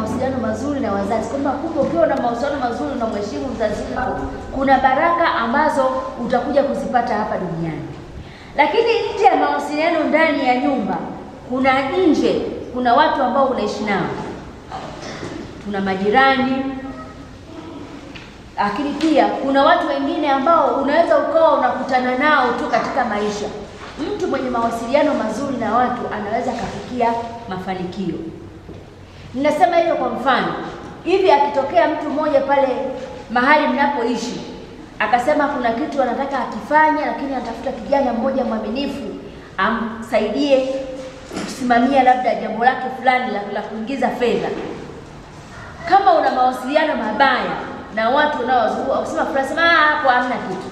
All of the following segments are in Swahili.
mahusiano mazuri na wazazi, kwamba kumbe ukiwa na mahusiano mazuri na mheshimu mzazi wako, kuna baraka ambazo utakuja kuzipata hapa duniani. Lakini nje ya mawasiliano ndani ya nyumba, kuna nje, kuna watu ambao unaishi nao, tuna majirani, lakini pia kuna watu wengine ambao unaweza ukawa unakutana nao tu katika maisha. Mtu mwenye mawasiliano mazuri na watu anaweza akafikia mafanikio. Ninasema hivyo kwa mfano, hivi akitokea mtu mmoja pale mahali mnapoishi akasema kuna kitu anataka akifanye, lakini anatafuta kijana mmoja mwaminifu amsaidie kusimamia labda jambo lake fulani la, la kuingiza fedha. Kama una mawasiliano mabaya na watu unaowazunguka, ukisema fulani, ah, hapo hamna kitu,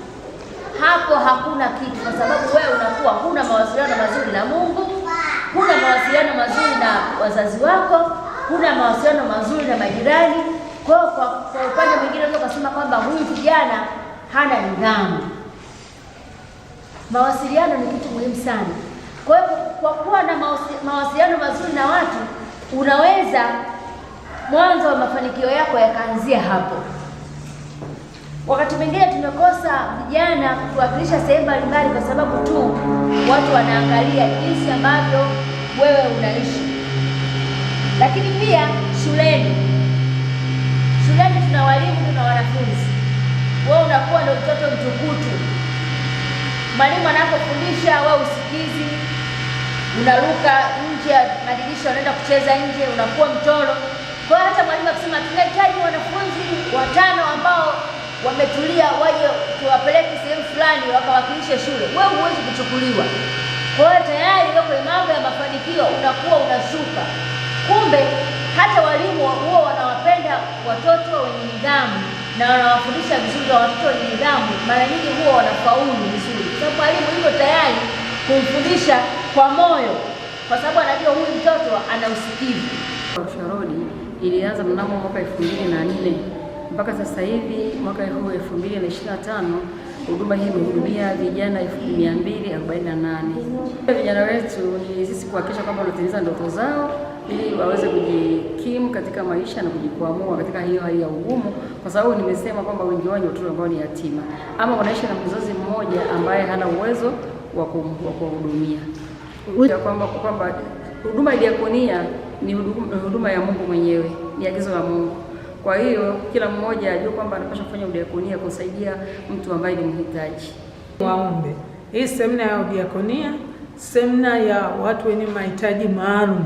hapo hakuna kitu, kwa sababu wewe unakuwa huna mawasiliano mazuri na Mungu, huna mawasiliano mazuri na wazazi wako kuna mawasiliano mazuri na majirani. Kwa hiyo kwa, kwa upande mwingine unaweza kwamba huyu kijana hana nidhamu. Mawasiliano ni kitu muhimu sana. Kwa hiyo kwa kuwa na mawasiliano mazuri na watu, unaweza mwanzo wa mafanikio yako yakaanzia hapo. Wakati mwingine tumekosa vijana kuwakilisha sehemu mbalimbali kwa sababu tu watu wanaangalia jinsi ambavyo wewe unaishi. Lakini pia shuleni, shuleni tuna walimu, tuna wanafunzi. Wewe unakuwa ndio mtoto mtukutu. Mwalimu anapofundisha wewe usikizi, unaruka nje ya madirisha, unaenda kucheza nje, unakuwa mtoro. Kwa hata mwalimu akisema tunahitaji wanafunzi watano ambao wametulia waje tuwapeleke sehemu fulani wakawakilishe shule, wewe huwezi kuchukuliwa. Kwa hiyo tayari wewe kwenye mambo ya mafanikio unakuwa unashuka. na wanawafundisha vizuri watoto wenye nidhamu, mara nyingi huwa wanafaulu vizuri, kwa sababu mwalimu yuko tayari kumfundisha kwa moyo, kwa sababu anajua huyu mtoto ana usikivu. ilianza mnamo mwaka elfu mbili na nne mpaka sasa hivi mwaka huu 2025 huduma hii imehudumia vijana 248. Vijana wetu ni sisi kuhakikisha kwamba wanatimiza ndoto zao ili waweze kujikimu katika maisha na kujikwamua katika hiyo hali ya ugumu, kwa sababu nimesema kwamba wengi wao ni watoto ambao ni yatima ama wanaishi na mzazi mmoja ambaye hana uwezo wa kuwahudumia. Kwamba kwamba huduma ya diakonia ni huduma ya Mungu mwenyewe, ni agizo la Mungu. Kwa hiyo kila mmoja ajue kwamba anapaswa kufanya udiakonia kusaidia mtu ambaye ni mhitaji. Waombe hii semina ya udiakonia, semina ya watu wenye mahitaji maalum,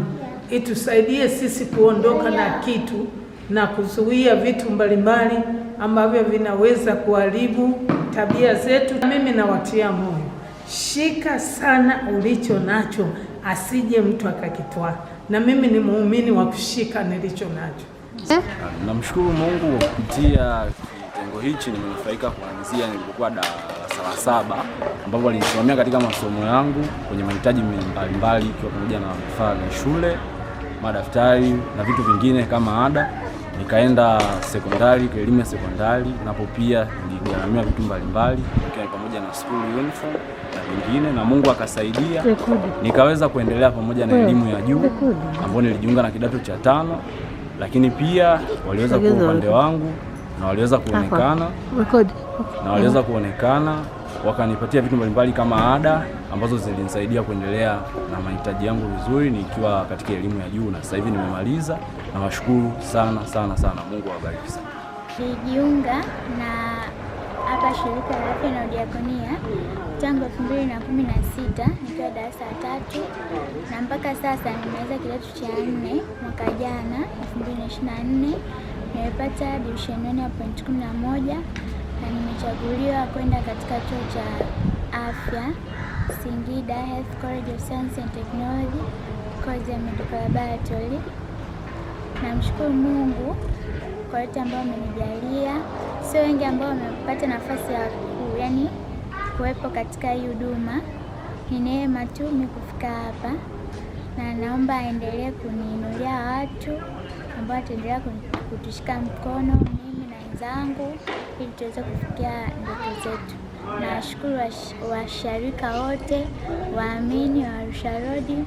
itusaidie sisi kuondoka na kitu na kuzuia vitu mbalimbali ambavyo vinaweza kuharibu tabia zetu. Mimi nawatia moyo, shika sana ulicho nacho, asije mtu akakitwaa. Na mimi ni muumini wa kushika nilicho nacho. Eh? Namshukuru Mungu kupitia kitengo hichi nimenufaika kuanzia nilipokuwa darasa la saba ambapo alinisimamia katika masomo yangu kwenye mahitaji mbalimbali ikiwa pamoja na vifaa vya shule, madaftari na vitu vingine kama ada. Nikaenda sekondari kwa elimu ya sekondari, napo pia niligharamia vitu mbalimbali ikiwa pamoja na school uniform na vingine, na Mungu akasaidia nikaweza kuendelea pamoja na elimu ya juu ambapo nilijiunga na kidato cha tano lakini pia waliweza kuwa upande wangu na waliweza kuonekana na waliweza kuonekana wakanipatia vitu mbalimbali kama ada ambazo zilinisaidia kuendelea na mahitaji yangu vizuri nikiwa katika elimu ya juu, na sasa hivi nimemaliza, na washukuru sana sana sana. Mungu awabariki sana. Nijiunga na hapa shirika la afya na udiakonia tangu elfu mbili na kumi na sita nikiwa darasa la tatu na mpaka sasa nimeweza kidato cha nne. Mwaka jana elfu mbili na ishirini na nne nimepata divisheni nane ya pointi kumi na moja na nimechaguliwa kwenda katika chuo cha afya Singida Health College of Science and Technology, kozi ya medical laboratory. Namshukuru Mungu kwa yote ambayo amenijalia. Sio wengi ambao wamepata nafasi ya ku, yani kuwepo katika hii huduma. Ni neema tu kufika hapa, na naomba aendelee kuniinulia watu ambao wataendelea kutushika mkono mimi na wenzangu, ili tuweze kufikia ndoto zetu. Nawashukuru washarika wote, waamini wa Arusha Road.